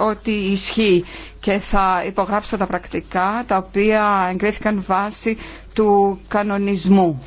ότι ισχύει και θα υπογράψω τα πρακτικά τα οποία εγκρίθηκαν βάση του κανονισμού.